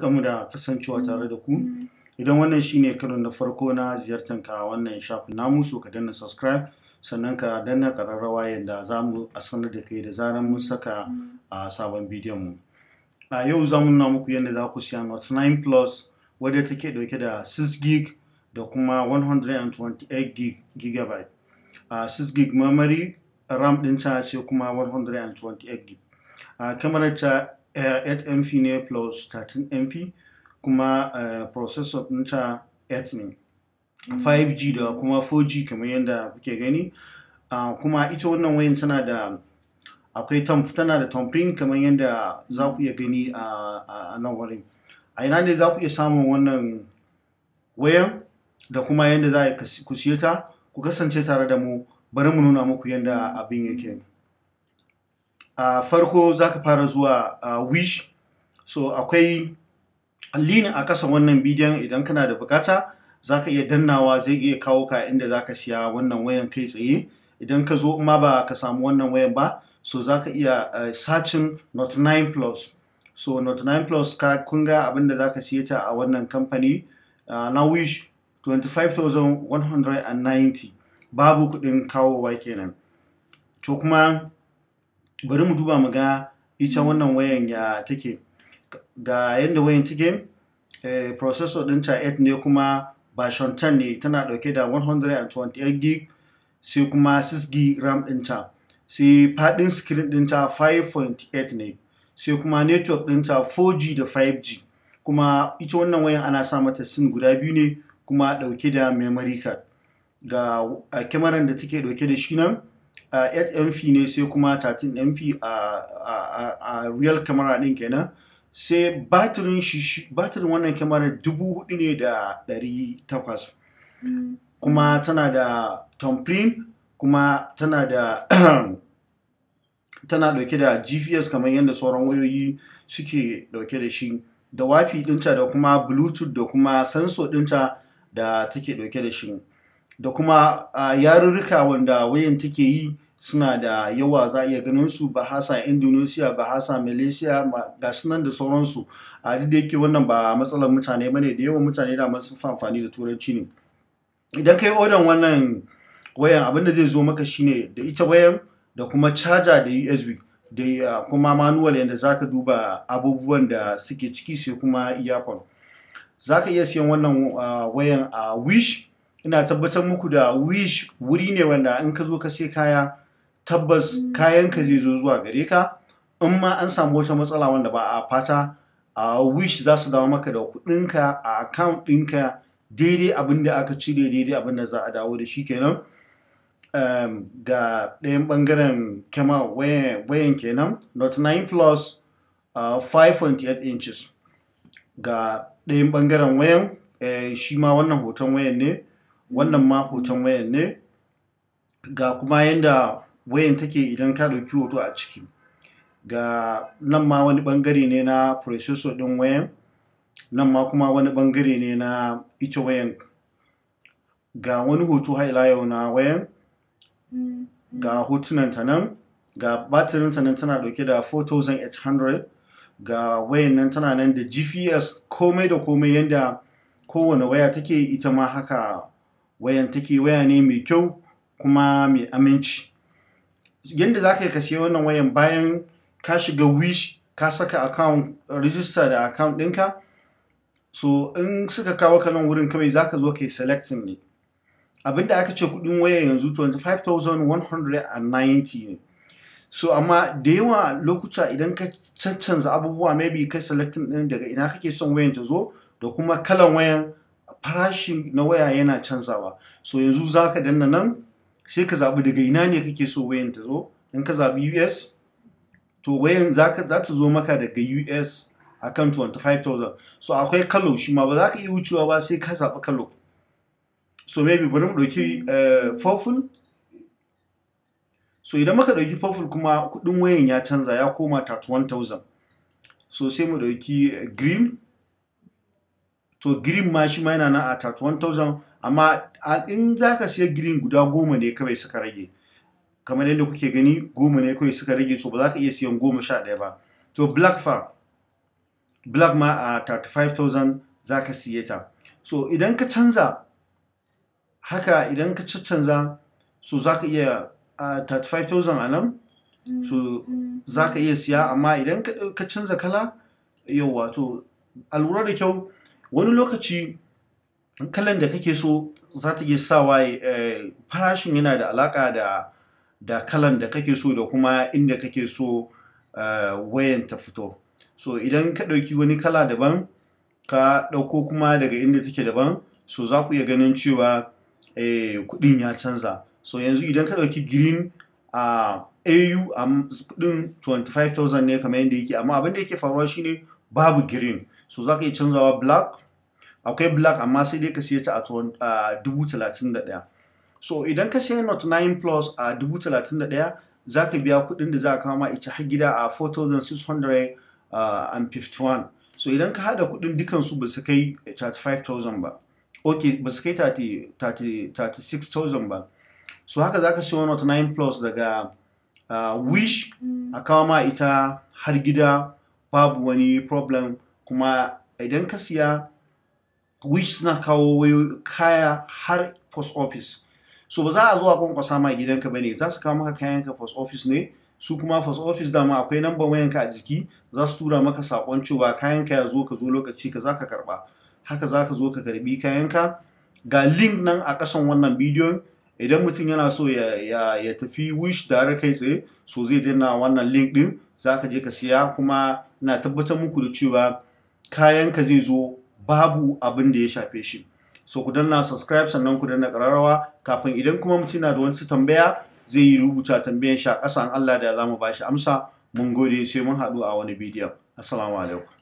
kamu da kasancewa mm. tare da ku. Idan wannan shine karon na farko na ziyartar ka wannan shafin namu so ka danna subscribe sannan ka danna kararrawa yadda za mu a sanar da kai da zarar mun saka a sabon bidiyon mu. A yau za mu nuna muku yadda za ku siya Note 9 Plus wadda take dauke da 6 gig da kuma 128 gig gigabyte. A 6 gig memory RAM ɗinta sai kuma 128 gig. A kamar ta 8mp eh, ne plus 13mp kuma eh, processor ɗinta 8 ne 5g mm. da kuma 4g kamar yadda kuke gani ah, kuma ita wannan wayan tana da akwai tana da tamfirin kamar yadda za ku iya gani a nan wurin a ina ne za ku iya samun wannan wayan da kuma yadda za ku siye ta ku kasance tare da mu bari mu nuna muku yadda abin yake. a farko za ka fara zuwa wish so akwai lin a kasan wannan bidiyon idan kana da bukata za ka iya dannawa zai iya kawo ka inda za ka siya wannan wayan kai tsaye idan ka zo ma ba ka samu wannan wayan ba so za ka iya searching not 9 plus so not 9 plus ka kunga abinda za ka siya ta a wannan kamfani na wish 25,190 babu kudin kawowa kenan to kuma bari mu duba mu ga ita hmm. wannan wayan ya take ga yadda wayan take eh, processor dinta 8 ne kuma version 10 ne tana dauke da 128 gig sai kuma 6 gig ram dinta, sai fadin screen dinta 5.8 ne sai kuma network dinta 4G da 5G kuma ita wannan wayan ana sa mata sin guda biyu ne kuma dauke da memory card ga kyamaran da take dauke da shi nan a uh, 8mp ne sai kuma 13mp a real camera din kenan sai batirin wannan kyamara dubu hudu ne da dari takwas kuma tana da thumbprint kuma tana da tana dauke da gps kamar yadda sauran wayoyi suke dauke da shi da wafi dinta da kuma bluetooth da kuma sensor dinta da take dauke da shi da kuma uh, yarurruka wanda wayan take yi suna da yawa za a iya ganin su bahasa indonesia bahasa malaysia ga nan da sauransu a da yake wannan ba matsalar mutane bane da yawan mutane da masu amfani da turanci ne idan ka yi odan wannan wayan abinda zai zo maka shine da ita wayan da kuma caja da usb da kuma manual yadda za ka duba abubuwan da suke ciki sai kuma iyakon za ka iya siyan wannan wayan a wish ina tabbatar muku da wish wuri ne wanda in ka zo ka sai kaya tabbas kayanka zai zo zuwa gare ka in ma an samu wata matsala wanda ba a fata a wish za su dawo maka da kuɗinka a account ɗinka daidai abin da aka cire daidai abin da za a dawo da shi kenan ehm, ga ɗayan ɓangaren kema wayan kenan not 9 plus 5.8 inches ga ɗayan ɓangaren wayan eh, shi ma wannan hoton wayan ne wannan ma hoton wayan ne ga kuma yadda wayan take idan ka ɗauki hoto a ciki ga nan ma wani ɓangare ne na processor ɗin wayan nan ma kuma wani ɓangare ne na ita wayan ga wani hoto haila yau na wayan ga hotunan ta nan ga ta nan tana ɗauke da 4800 ga wayan nan tana nan da gps komai da komai yadda kowane waya take ita ma haka wayan take waya ne mai kyau kuma mai aminci yadda za ka yi ka wannan wayan bayan ka shiga wish ka saka account register da account ɗinka so in suka kawo ka nan wurin kamai za ka zo ka yi selecting ne abinda aka ce kudin waya yanzu 25,190 ne so amma da yawa lokuta idan ka cancanza abubuwa maybe kai selecting ɗin daga ina kake son wayan ta zo da kuma kalan wayan farashi na waya yana canzawa so yanzu za ka danna nan sai ka zaɓi daga ina ne kake so wayan ta zo in ka zaɓi us to wayan za ta zo maka daga us a kan 25,000 so akwai kalo shi ma ba za ka iya wucewa ba sai ka zaɓi kalo so maybe bari mu ɗauki fofin eh, so idan maka ɗauki fofin kuma kuɗin wayan ya canza ya koma 31,000 so sai mu ɗauki green to green ma shi ma yana na a 31,000 amma in za ka siya green guda goma ne kawai suka rage kamar yadda kuke gani goma ne kawai suka rage so ba za ka iya siyan goma sha ɗaya ba to black farm black ma a 35,000 za ka siya ta so idan ka canza haka idan ka canza so za ka iya a 35,000 a nan so za ka iya siya amma idan ka canza kala yau wato a lura da kyau wani lokaci kalan da kake so za ta sa sawa eh, farashin yana da alaka da kallon kalan da kake so da kuma inda kake so eh, wayan ta fito so idan ka ɗauki wani kala daban ka ɗauko kuma daga inda take daban so za ku iya ganin cewa eh, kuɗin ya canza so yanzu idan ka ɗauki green ah, a au a kuɗin 25,000 ne kamar yadda yake amma abin da yake faruwa shine babu green so za ka iya canzawa black akwai black amma sai dai ka siye ta a dubu so idan ka siya not 9 plus a dubu ɗaya za ka biya kuɗin da za a kama ita har gida a 4651 so idan ka haɗa kuɗin dukansu ba su kai 35,000 ba ok ba su kai 36,000 ba so haka za ka siya not 9 plus daga uh, wish a kama ita har gida babu wani problem kuma idan ka siya which suna kawo kaya har post office so ba za a zo a kwankwasa ma gidanka bane za su kawo maka kayanka post office ne su kuma post office dama akwai namban wayanka a jiki za su tura maka sakon cewa kayanka ya zo ka zo lokaci ka za ka karba haka za ka zo ka karbi ka ga link nan a ƙasan wannan bidiyon idan mutum yana so ya, tafi wish da har kai tsaye so zai daina wannan link din za ka je ka siya kuma na tabbatar muku da cewa kayanka zai zo babu abin da ya shafe shi so ku danna subscribe sannan ku danna kararrawa kafin idan kuma mutum na da wani tambaya zai yi rubuta tambayan shi a ƙasan Allah da za mu bashi amsa mun gode sai mun haɗu a wani bidiyon assalamu alaikum